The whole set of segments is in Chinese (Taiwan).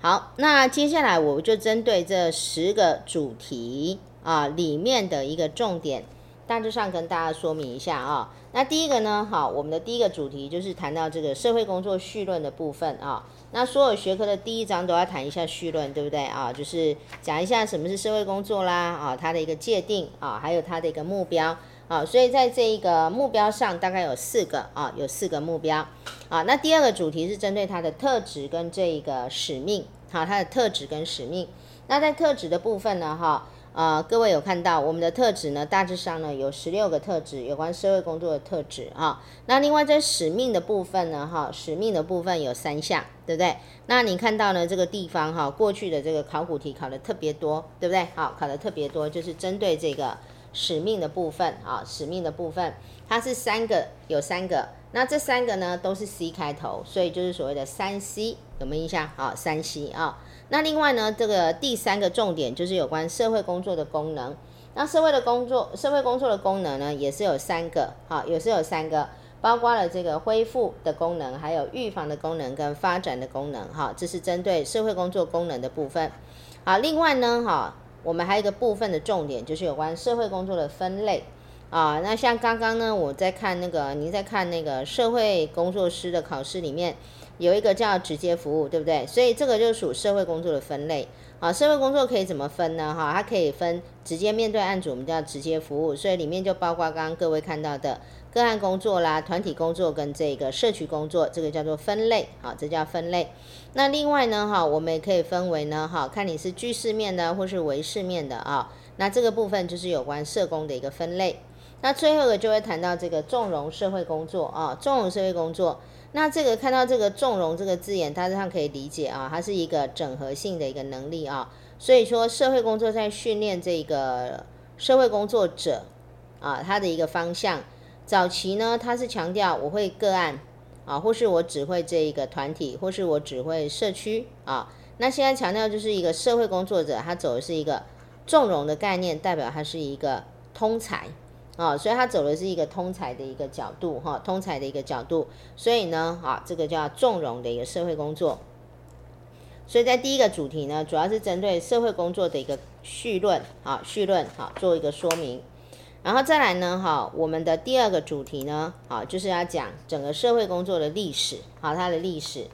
好，那接下來我就針對這十個主題啊，裡面的一個重點，大致上跟大家說明一下啊，那第一個呢，好，我們的第一個主題就是談到這個社會工作緒論的部分啊，那所有學科的第一章都要談一下緒論，對不對啊？就是講一下什麼是社會工作啦，啊，它的一個界定啊，還有它的一個目標啊，所以在這一個目標上大概有四個啊，有四個目標啊。那第二個主題是針對它的特質跟這一個使命，好、啊，它的特質跟使命。那在特質的部分呢，哈、啊。呃，各位有看到我們的特質呢？大致上呢有十六個特質，有關社會工作的特質啊、哦，那另外在使命的部分呢，哈、哦，使命的部分有三項，對不對？那你看到呢這個地方哈、哦，過去的這個考古題考得特別多，對不對？好、哦，考得特別多就是針對這個使命的部分啊、哦，使命的部分它是三個，有三個。那這三個呢都是 C 開頭，所以就是所謂的三 C，有沒有印象？啊、哦、三 C 啊、哦。那另外呢，這個第三個重點就是有關社會工作的功能。那社會的工作，社會工作的功能呢，也是有三個，哈、哦，也是有三個，包括了這個恢復的功能，還有預防的功能跟發展的功能，哈、哦，這是針對社會工作功能的部分。好，另外呢，哈、哦，我們還有一個部分的重點就是有關社會工作的分類啊、哦。那像剛剛呢，我在看那個，您在看那個社會工作師的考試裡面。有一個叫直接服務，對不對？所以這個就屬社會工作的分類。好、啊，社會工作可以怎麼分呢？哈，它可以分直接面對案主，我們叫直接服務。所以裡面就包括剛剛各位看到的個案工作啦、團體工作跟這個社區工作，這個叫做分類。好、啊，這叫分類。那另外呢，哈、啊，我們也可以分為呢，哈、啊，看你是鉅視面的或是微視面的啊。那這個部分就是有關社工的一個分類。那最後一個就會談到這個綜融社會工作啊，綜融社會工作。那這個看到這個綜融這個字眼，大家可以理解啊，它是一個整合性的一個能力啊。所以說，社會工作在訓練這個社會工作者啊，他的一個方向，早期呢，他是強調我會個案啊，或是我只會這一個團體，或是我只會社區啊。那現在強調就是一個社會工作者，他走的是一個綜融的概念，代表他是一個通才。啊、哦，所以它走的是一個通才的一個角度，哈、哦，通才的一個角度，所以呢，啊、哦，這個叫綜融的一個社會工作，所以在第一個主題呢，主要是針對社會工作的一個緒論，啊、哦，緒論，好、哦，做一個說明，然後再來呢，哈、哦，我們的第二個主題呢，啊、哦，就是要講整個社會工作的歷史，好、哦，它的歷史，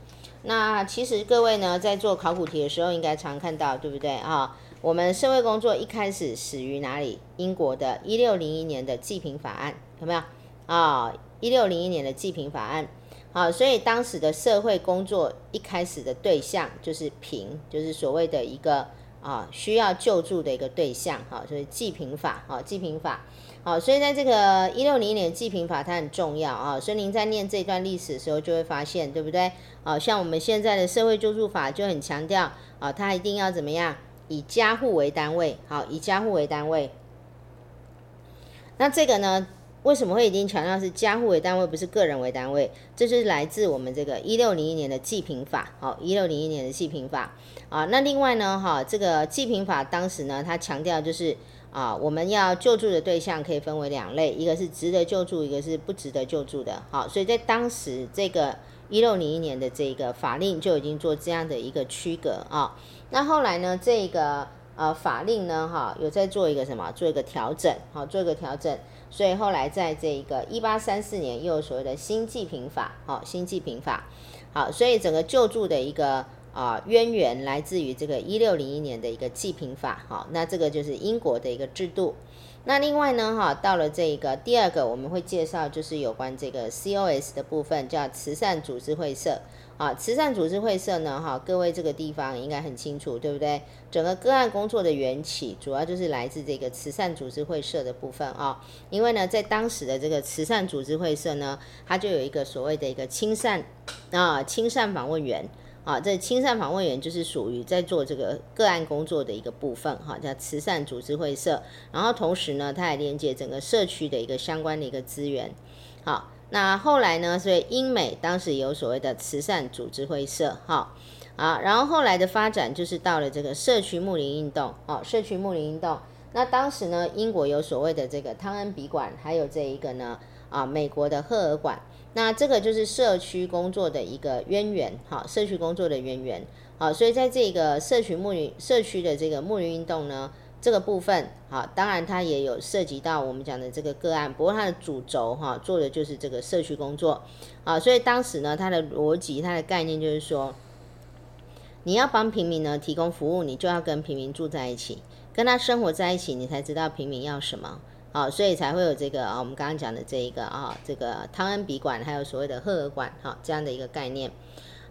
那其實各位呢，在做考古題的時候，應該常看到，對不對，啊、哦？我們社會工作一開始始於哪裡？英國的一六零一年的濟貧法案有沒有啊？一六零一年的濟貧法案，好、哦，所以當時的社會工作一開始的對象就是貧，就是所謂的一個啊、哦、需要救助的一個對象，好、哦，所以濟貧法，好、哦，濟貧法，好、哦，所以在這個一六零一年濟貧法它很重要，啊、哦，所以您在念這段歷史的時候，就會發現，對不對？啊、哦，像我們現在的社會救助法就很強調，啊、哦，它一定要怎麼樣？以家戶為單位，好，以家戶為單位。那這個呢，為什麼會已經強調是家戶為單位，不是個人為單位？這就是來自我們這個一六零一年的濟貧法，好，一六零一年的濟貧法。啊，那另外呢，哈，這個濟貧法當時呢，它強調就是啊，我們要救助的對象可以分為兩類，一個是值得救助，一個是不值得救助的。好，所以在當時這個。一六零一年的這個法令就已經做這樣的一個區隔啊、哦，那後來呢，這個呃法令呢，哈、哦、有在做一個什麼，做一個調整，好、哦，做一個調整，所以後來在這個一八三四年又有所謂的新濟貧法、哦《新濟貧法》，哈，《新濟貧法》，好，所以整個救助的一個啊淵、呃、源來自於這個一六零一年的一個濟貧法，好、哦，那這個就是英國的一個制度。那另外呢，哈，到了這一個第二個，我們會介紹就是有關這個 COS 的部分，叫慈善組織會社啊。慈善組織會社呢，哈、啊，各位這個地方應該很清楚，對不對？整個個案工作的緣起，主要就是來自這個慈善組織會社的部分啊。因為呢，在當時的這個慈善組織會社呢，它就有一個所謂的一個親善啊，親善訪問員。啊，這親善訪問員就是屬於在做這個個案工作的一個部分，哈、啊，叫慈善組織會社，然後同時呢，它還連接整個社區的一個相關的一個資源。好、啊，那後來呢，所以英美當時有所謂的慈善組織會社，哈、啊，啊，然後後來的發展就是到了這個社區睦鄰運動，哦、啊，社區睦鄰運動。那當時呢，英國有所謂的這個湯恩比館，還有這一個呢，啊，美國的赫爾館。那這個就是社區工作的一個淵源，哈，社區工作的淵源，啊，所以在這個社區睦鄰，社區的這個睦鄰運動呢，這個部分，啊，當然它也有涉及到我們講的這個個案，不過它的主軸哈，做的就是這個社區工作，啊，所以當時呢，它的邏輯、它的概念就是說，你要幫平民呢提供服務，你就要跟平民住在一起，跟他生活在一起，你才知道平民要什麼。啊、哦，所以才會有這個啊、哦，我們剛剛講的這一個啊、哦，這個湯恩比館，還有所謂的赫爾館，哈、哦，這樣的一個概念。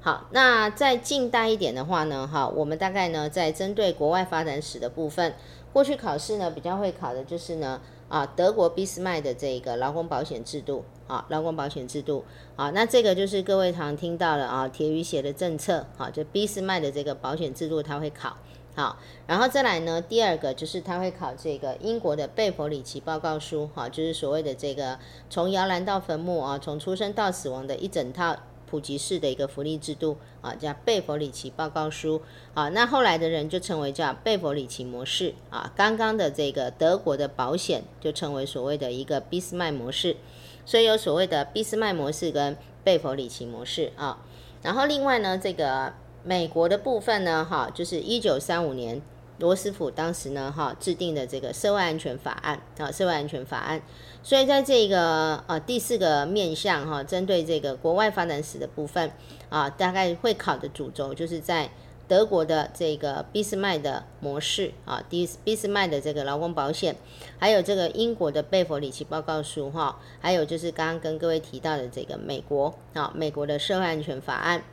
好，那再近代一點的話呢，哈、哦，我們大概呢，在針對國外發展史的部分，過去考試呢比較會考的就是呢啊，德國俾斯麥的這一個勞工保險制度，啊，勞工保險制度，啊，那這個就是各位常聽到了啊，鐵與血的政策，好、啊，就俾斯麥的這個保險制度，它會考。好，然後再來呢？第二個就是他會考這個英國的貝弗里奇報告書，哈，就是所謂的這個從搖籃到墳墓啊，從出生到死亡的一整套普及式的一個福利制度啊，叫貝弗里奇報告書，啊，那後來的人就稱為叫貝弗里奇模式，啊，剛剛的這個德國的保險就稱為所謂的一個俾斯麥模式，所以有所謂的俾斯麥模式跟貝弗里奇模式啊，然後另外呢這個。美國的部分呢，哈，就是一九三五年羅斯福當時呢，哈，制定的這個社會安全法案啊，社會安全法案。所以在這個呃、啊、第四個面向哈，針對這個國外發展史的部分啊，大概會考的主軸就是在德國的這個俾斯麥的模式啊，俾俾斯麥的這個勞工保險，還有這個英國的貝弗里奇報告書哈，還有就是剛剛跟各位提到的這個美國啊，美國的社會安全法案。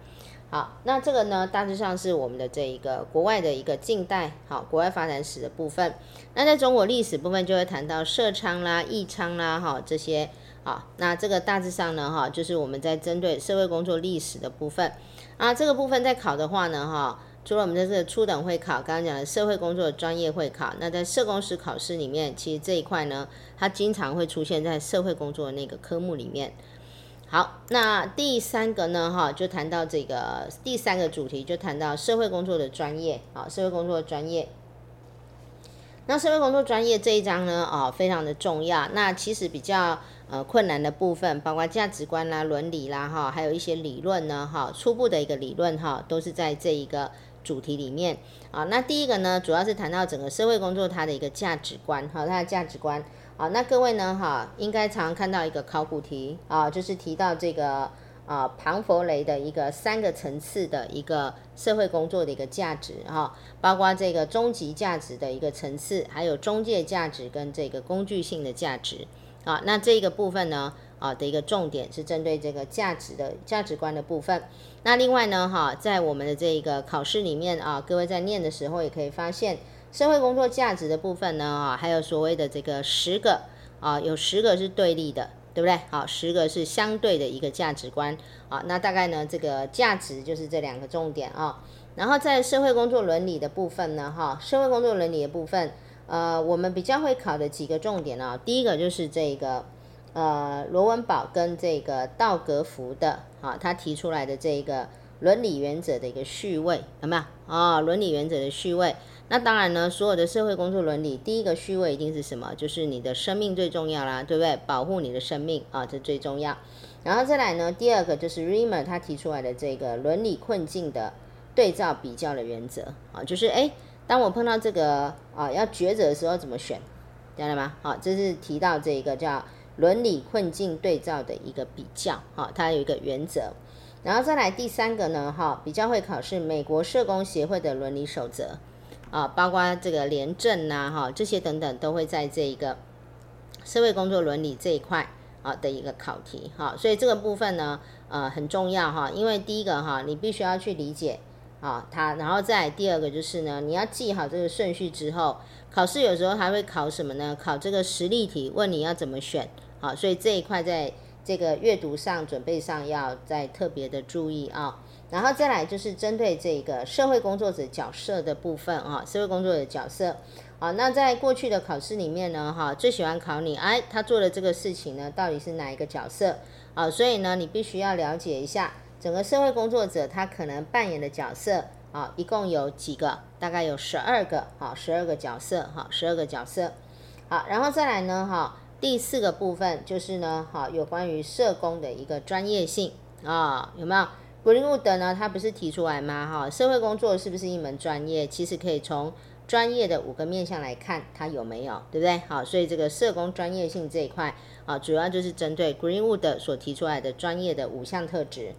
好，那這個呢，大致上是我們的這一個國外的一個近代，好，國外發展史的部分。那在中國歷史部分就會談到社倉啦、義倉啦，哈這些啊。好，那這個大致上呢，哈就是我們在針對社會工作歷史的部分啊。這個部分在考的話呢，哈，除了我們在這個初等會考剛剛講的社會工作專業會考，那在社工師考試裡面，其實這一塊呢，它經常會出現在社會工作的那個科目裡面。好，那第三個呢？哈、哦，就談到這個第三個主題，就談到社會工作的專業。好、哦，社會工作的專業。那社會工作專業這一章呢？啊、哦，非常的重要。那其實比較呃困難的部分，包括價值觀啦、倫理啦，哈、哦，還有一些理論呢，哈、哦，初步的一個理論哈、哦，都是在這一個主題裡面。啊、哦，那第一個呢，主要是談到整個社會工作它的一個價值觀，哈、哦，它的價值觀。好、啊，那各位呢？哈、啊，應該常看到一個考古題啊，就是提到這個啊龐佛雷的一個三個層次的一個社會工作的一個價值哈、啊，包括這個終極價值的一個層次，還有中介價值跟這個工具性的價值啊。那這個部分呢啊的一個重點是針對這個價值的價值觀的部分。那另外呢哈、啊，在我們的這個考試裡面啊，各位在念的時候也可以發現。社會工作價值的部分呢，啊，還有所謂的這個十個，啊，有十個是對立的，對不對？好、啊，十個是相對的一個價值觀，啊，那大概呢，這個價值就是這兩個重點啊。然後在社會工作倫理的部分呢，哈、啊，社會工作倫理的部分，呃，我們比較會考的幾個重點啊，第一個就是這個，呃，羅文寶跟這個道格福的，啊，他提出來的這個倫理原則的一個序位有沒有？啊，倫理原則的序位。那當然呢，所有的社會工作倫理，第一個序位一定是什麼？就是你的生命最重要啦，對不對？保護你的生命啊，這最重要。然後再來呢，第二個就是 Reamer 他提出來的這個倫理困境的對照比較的原則啊，就是哎，當我碰到這個啊要抉擇的時候怎麼選，知道嗎？好、啊，這是提到這個叫倫理困境對照的一個比較啊，它有一個原則。然後再來第三個呢，哈、啊，比較會考是美國社工協會的倫理守則。啊，包括這個廉政吶、啊，哈、哦，這些等等都會在這一個社會工作倫理這一塊啊的一個考題哈、啊，所以這個部分呢，呃，很重要哈、啊，因為第一個哈、啊，你必須要去理解啊它，然後再第二個就是呢，你要記好這個順序之後，考試有時候還會考什麼呢？考這個實例題，問你要怎麼選啊，所以這一塊在這個閱讀上準備上要再特別的注意啊。然後再來就是針對這個社會工作者角色的部分啊，社會工作者角色啊，那在過去的考試裡面呢，哈，最喜歡考你，哎，他做的這個事情呢，到底是哪一個角色啊？所以呢，你必須要了解一下整個社會工作者他可能扮演的角色啊，一共有幾個？大概有十二個，好，十二個角色，哈，十二個角色，好，然後再來呢，哈、哦，第四個部分就是呢，哈，有關於社工的一個專業性啊、哦，有沒有？Greenwood 呢，他不是提出來嗎？哈、哦，社會工作是不是一門專業？其實可以從專業的五個面向來看，它，有沒有，對不對？好、哦，所以這個社工專業性這一塊啊、哦，主要就是針對 Greenwood 所提出來的專業的五項特質。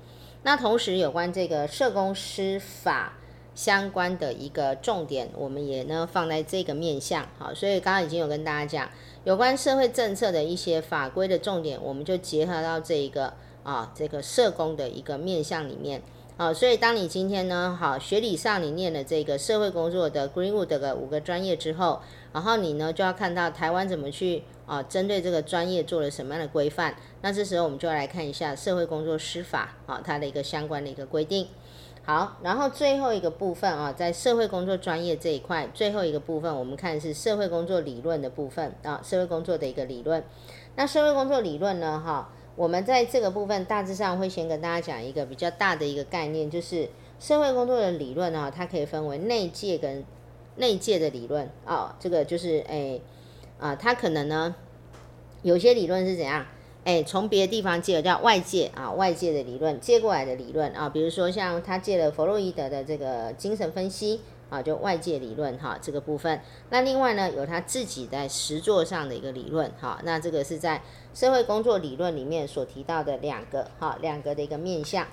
那同時有關這個社工師法相關的一個重點，我們也呢放在這個面向。好、哦，所以剛剛已經有跟大家講有關社會政策的一些法規的重點，我們就結合到這一個。啊，這個社工的一個面向裡面，啊，所以當你今天呢，好，學理上你念了這個社會工作的 Greenwood 的五個專業之後，然後你呢就要看到台灣怎麼去啊針對這個專業做了什麼樣的規範。那這時候我們就要來看一下社會工作師法啊，它的一個相關的一個規定。好，然後最後一個部分啊，在社會工作專業這一塊最後一個部分，我們看的是社會工作理論的部分啊，社會工作的一個理論。那社會工作理論呢，哈、啊。我們在這個部分大致上會先跟大家講一個比較大的一個概念，就是社會工作的理論呢、啊，它可以分為內界跟內界的理論啊、哦，這個就是哎啊、欸呃，它可能呢有些理論是怎樣？誒，從別、欸、的地方借的叫外界啊，外界的理論，借過來的理論啊，比如說像他借了弗洛伊德的這個精神分析啊，就外界理論哈、啊、這個部分。那另外呢，有他自己在實作上的一個理論哈、啊，那這個是在社會工作理論裡面所提到的兩個哈兩、啊、個的一個面向。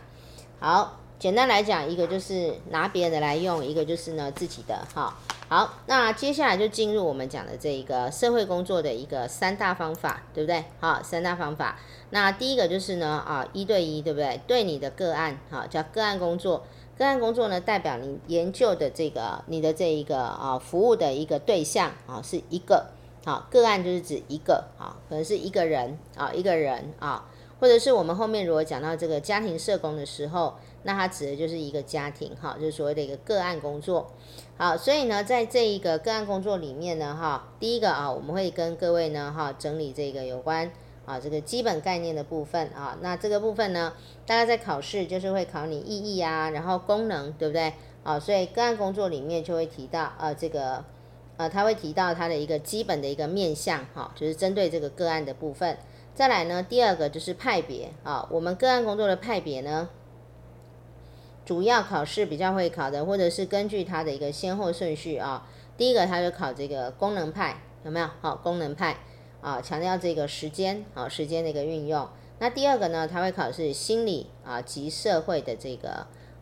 好，簡單來講，一個就是拿別人的來用，一個就是呢自己的哈。啊好，那接下來就進入我們講的這一個社會工作的一個三大方法，對不對？好，三大方法。那第一個就是呢，啊，一對一，對不對？對你的個案，好、啊，叫個案工作。個案工作呢，代表你研究的這個你的這一個啊，服務的一個對象啊，是一個好、啊、個案，就是指一個啊，可能是一個人啊，一個人啊。或者是我們後面如果講到這個家庭社工的時候，那它指的就是一個家庭，哈，就是所謂的一個個案工作。好，所以呢，在這一個個案工作裡面呢，哈，第一個啊，我們會跟各位呢，哈，整理這個有關啊這個基本概念的部分啊。那這個部分呢，大家在考試就是會考你意義啊，然後功能，對不對？啊，所以個案工作裡面就會提到啊，這個啊，它會提到它的一個基本的一個面向，哈，啊，就是針對這個個案的部分。再來呢，第二個就是派別啊。我們個案工作的派別呢，主要考試比較會考的，或者是根據它的一個先後順序啊。第一個，它就考這個功能派有沒有？好，功能派啊，強調這個時間啊，時間的一個運用。那第二個呢，它會考是心理啊及社會的這個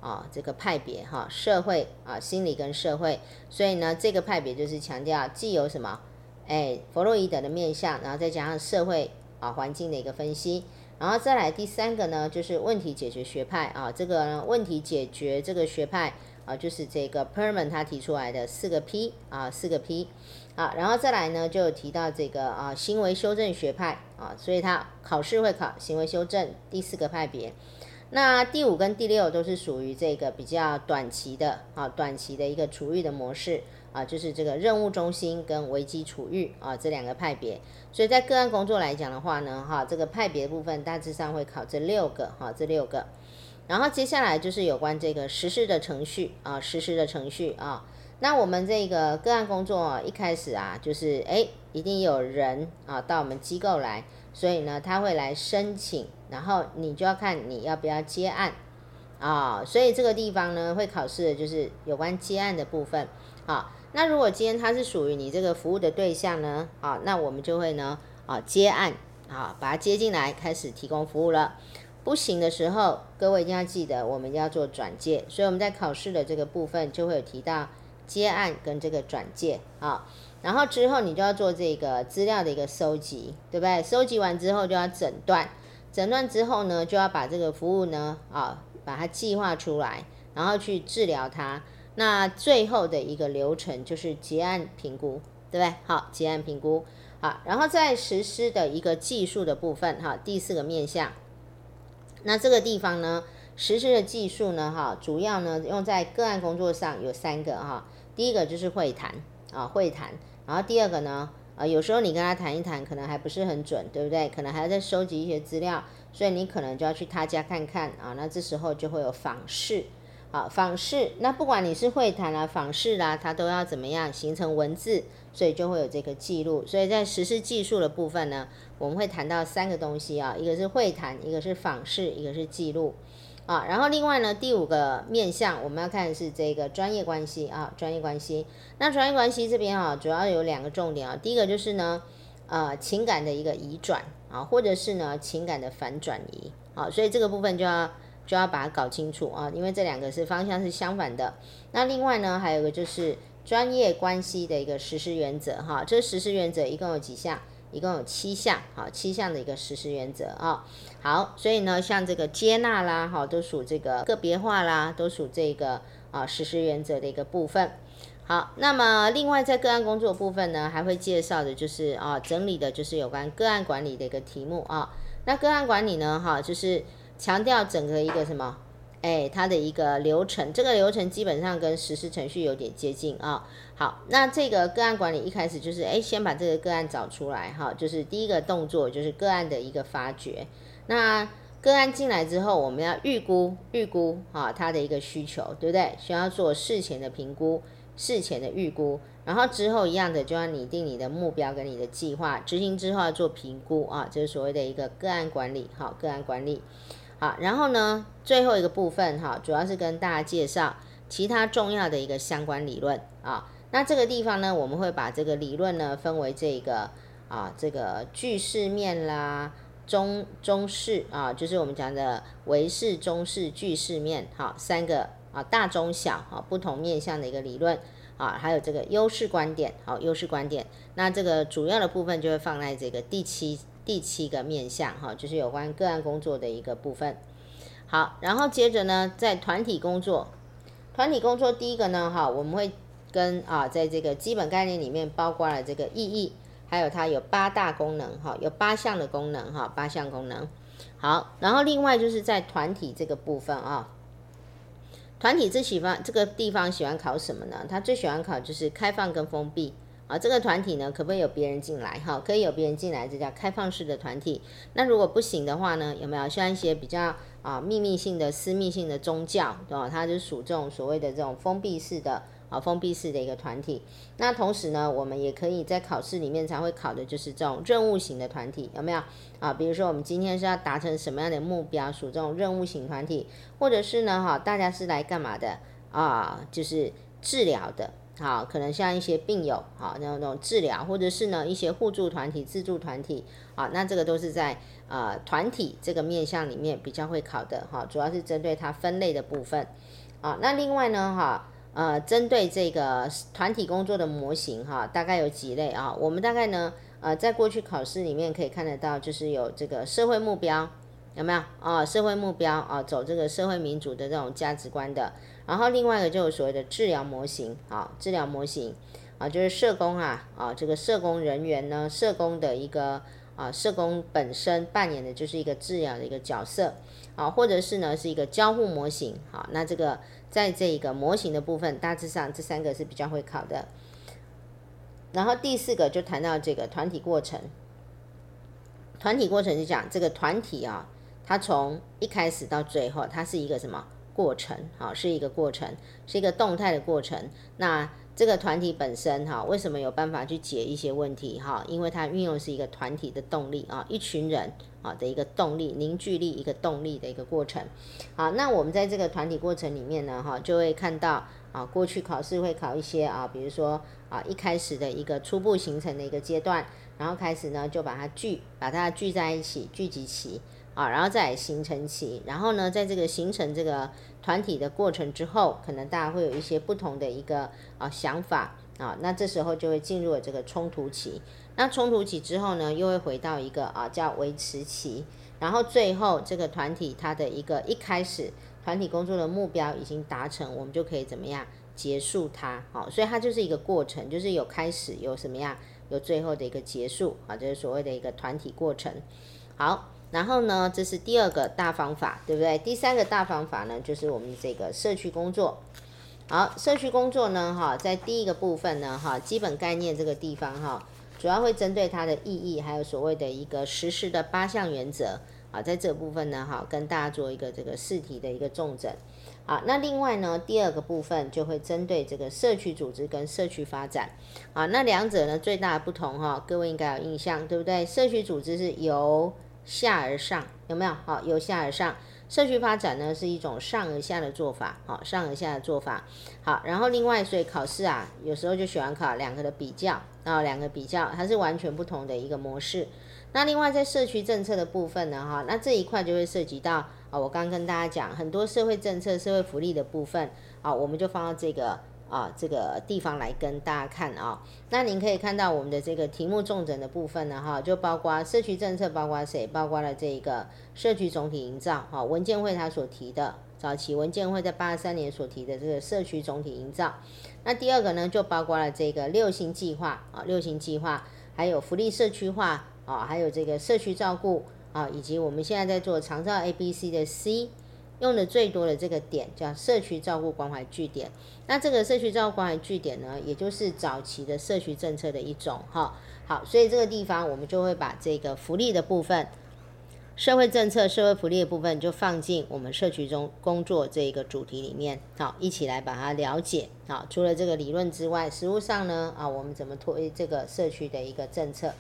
啊這個派別哈，社會啊心理跟社會。所以呢，這個派別就是強調既有什麼？哎，弗洛伊德的面向，然後再加上社會。環境的一個分析，然後再來第三個呢，就是問題解決學派啊。這個呢問題解決這個學派啊，就是這個 Perman 他提出來的四個 P 啊，四個 P 啊，然後再來呢就提到這個啊行為修正學派啊，所以他考試會考行為修正第四個派別。那第五跟第六都是屬於這個比較短期的啊，短期的一個處遇的模式。啊，就是這個任務中心跟危機處遇啊，這兩個派別，所以在個案工作來講的話呢，哈、啊，這個派別部分大致上會考這六個哈、啊，這六個，然後接下來就是有關這個實施的程序啊，實施的程序啊，那我們這個個案工作一開始啊，就是哎，一定有人啊到我們機構來，所以呢，他會來申請，然後你就要看你要不要接案啊，所以這個地方呢，會考試的就是有關接案的部分啊。那如果今天它是屬於你這個服務的對象呢？啊，好，那我們就會呢啊接案啊，把它接進來，開始提供服務了。不行的時候，各位一定要記得我們要做轉介，所以我們在考試的這個部分就會有提到接案跟這個轉介啊。然後之後你就要做這個資料的一個收集，對不對？收集完之後就要診斷，診斷之後呢，就要把這個服務呢啊把它計劃出來，然後去治療它。那最後的一個流程就是結案評估，對不對？好，結案評估。好，然後在實施的一個技術的部分，哈，第四個面向。那這個地方呢，實施的技術呢，哈，主要呢用在個案工作上有三個，哈。第一個就是會談，啊，會談。然後第二個呢，啊，有時候你跟他談一談，可能還不是很準，對不對？可能還要再收集一些資料，所以你可能就要去他家看看，啊，那這時候就會有訪視。啊，訪視，那不管你是會談啦、啊、訪視啦，它都要怎麼樣形成文字，所以就會有這個記錄。所以在實施技術的部分呢，我們會談到三個東西啊，一個是會談，一個是訪視，一個是記錄。啊，然後另外呢，第五個面向我們要看的是這個專業關係啊，專業關係。那專業關係這邊啊，主要有兩個重點啊，第一個就是呢，呃，情感的一個移轉啊，或者是呢，情感的反轉移啊，所以這個部分就要。就要把它搞清楚啊，因為這兩個是方向是相反的。那另外呢，還有一個就是專業關係的一個實施原則哈、啊。這實施原則一共有幾項？一共有七項，哈，七項的一個實施原則啊。好，所以呢，像這個接納啦，哈，都屬這個個別化啦，都屬這個啊實施原則的一個部分。好，那麼另外在個案工作部分呢，還會介紹的就是啊，整理的就是有關個案管理的一個題目啊。那個案管理呢、啊，哈，就是。強調整個一個什麼？誒，它的一個流程，這個流程基本上跟實施程序有點接近啊、哦。好，那這個個案管理一開始就是誒，先把這個個案找出來哈、哦，就是第一個動作就是個案的一個發掘。那個案進來之後，我們要預估預估哈、啊，它的一個需求，對不對？需要做事前的評估，事前的預估，然後之後一樣的就要擬定你的目標跟你的計劃，執行之後要做評估啊，就是所謂的一個個案管理，好、啊，個案管理。好，然後呢，最後一個部分哈，主要是跟大家介紹其他重要的一個相關理論啊。那這個地方呢，我們會把這個理論呢分為這一個啊，這個巨視面啦、中中視啊，就是我們講的微視、中視巨視面，好、啊，三個啊大中小、中、啊、小啊不同面向的一個理論啊，還有這個優勢觀點，好、啊，優勢觀點。那這個主要的部分就會放在這個第七。第七個面向哈，就是有關個案工作的一個部分。好，然後接着呢，在團體工作，團體工作第一個呢哈，我們會跟啊，在這個基本概念裡面包括了這個意義，還有它有八大功能哈，有八項的功能哈，八項功能。好，然後另外就是在團體這個部分啊，團體最喜歡這個地方喜歡考什麼呢？它最喜歡考就是開放跟封閉。啊，這個團體呢，可不可以有別人進來？哈，可以有別人進來，這叫開放式的團體。那如果不行的話呢，有沒有像一些比較啊祕密性的、私密性的宗教？對吧，它就屬這種所謂的這種封閉式的啊封閉式的一個團體。那同時呢，我們也可以在考試裡面才會考的就是這種任務型的團體，有沒有？啊，比如說我們今天是要達成什麼樣的目標，屬這種任務型團體，或者是呢，哈、啊，大家是來幹嘛的？啊，就是治療的。好，可能像一些病友，好，那種那種治療，或者是呢一些互助團體、自助團體，啊，那這個都是在呃團體這個面向裡面比較會考的，哈，主要是針對它分類的部分，啊，那另外呢，哈，呃，針對這個團體工作的模型，哈，大概有幾類啊？我們大概呢，呃，在過去考試裡面可以看得到，就是有這個社會目標。有沒有啊、哦？社會目標啊、哦，走這個社會民主的這種價值觀的。然後另外一個就是所謂的治療模型，啊、哦，治療模型啊，就是社工啊啊，這個社工人員呢，社工的一個啊，社工本身扮演的就是一個治療的一個角色，啊，或者是呢是一個交互模型，好、啊，那這個在這一個模型的部分，大致上這三個是比較會考的。然後第四個就談到這個團體過程，團體過程就講這，這個團體啊。它從一開始到最後，它是一個什麼過程？好，是一個過程，是一個動態的過程。那這個團體本身哈，為什麼有辦法去解一些問題？哈，因為它運用是一個團體的動力啊，一群人啊的一個動力、凝聚力一個動力的一個過程。好，那我們在這個團體過程裡面呢，哈，就會看到啊，過去考試會考一些啊，比如說啊，一開始的一個初步形成的一個階段，然後開始呢就把它聚，把它聚在一起，聚集起。啊，然後再來形成期，然後呢，在這個形成這個團體的過程之後，可能大家會有一些不同的一個啊想法啊，那這時候就會進入了這個衝突期。那衝突期之後呢，又會回到一個啊叫維持期，然後最後這個團體它的一個一開始團體工作的目標已經達成，我們就可以怎麼樣結束它？好，所以它就是一個過程，就是有開始，有什麼樣，有最後的一個結束啊，就是所謂的一個團體過程。好。然後呢，這是第二個大方法，對不對？第三個大方法呢，就是我們這個社區工作。好，社區工作呢，哈，在第一個部分呢，哈，基本概念這個地方哈，主要會針對它的意義，還有所謂的一個實施的八項原則啊，在這部分呢，哈，跟大家做一個這個試題的一個重整。好，那另外呢，第二個部分就會針對這個社區組織跟社區發展。啊，那兩者呢，最大的不同哈，各位應該有印象，對不對？社區組織是由下而上有沒有好、哦？由下而上，社區發展呢是一種上而下的做法，好、哦，上而下的做法。好，然後另外，所以考試啊，有時候就喜歡考兩個的比較，啊、哦，兩個比較，它是完全不同的一個模式。那另外在社區政策的部分呢，哈、哦，那這一塊就會涉及到啊、哦，我剛跟大家講很多社會政策、社會福利的部分，啊、哦，我們就放到這個。啊，這個地方來跟大家看啊、哦，那您可以看到我們的這個題目重整的部分呢，哈、啊，就包括社區政策，包括誰，包括了這個社區總體營造，哈、啊，文件會他所提的早期文件會在八十三年所提的這個社區總體營造。那第二個呢，就包括了這個六星計劃啊，六星計劃，還有福利社區化啊，還有這個社區照顧啊，以及我們現在在做長照 A B C 的 C。用的最多的這個點叫社區照顧關懷據點，那這個社區照顧關懷據點呢，也就是早期的社區政策的一種哈。好，好，所以這個地方我們就會把這個福利的部分、社會政策、社會福利的部分，就放進我們社區中工作這一個主題裡面，好，一起來把它了解。好，除了這個理論之外，實務上呢，啊，我們怎麼推這個社區的一個政策？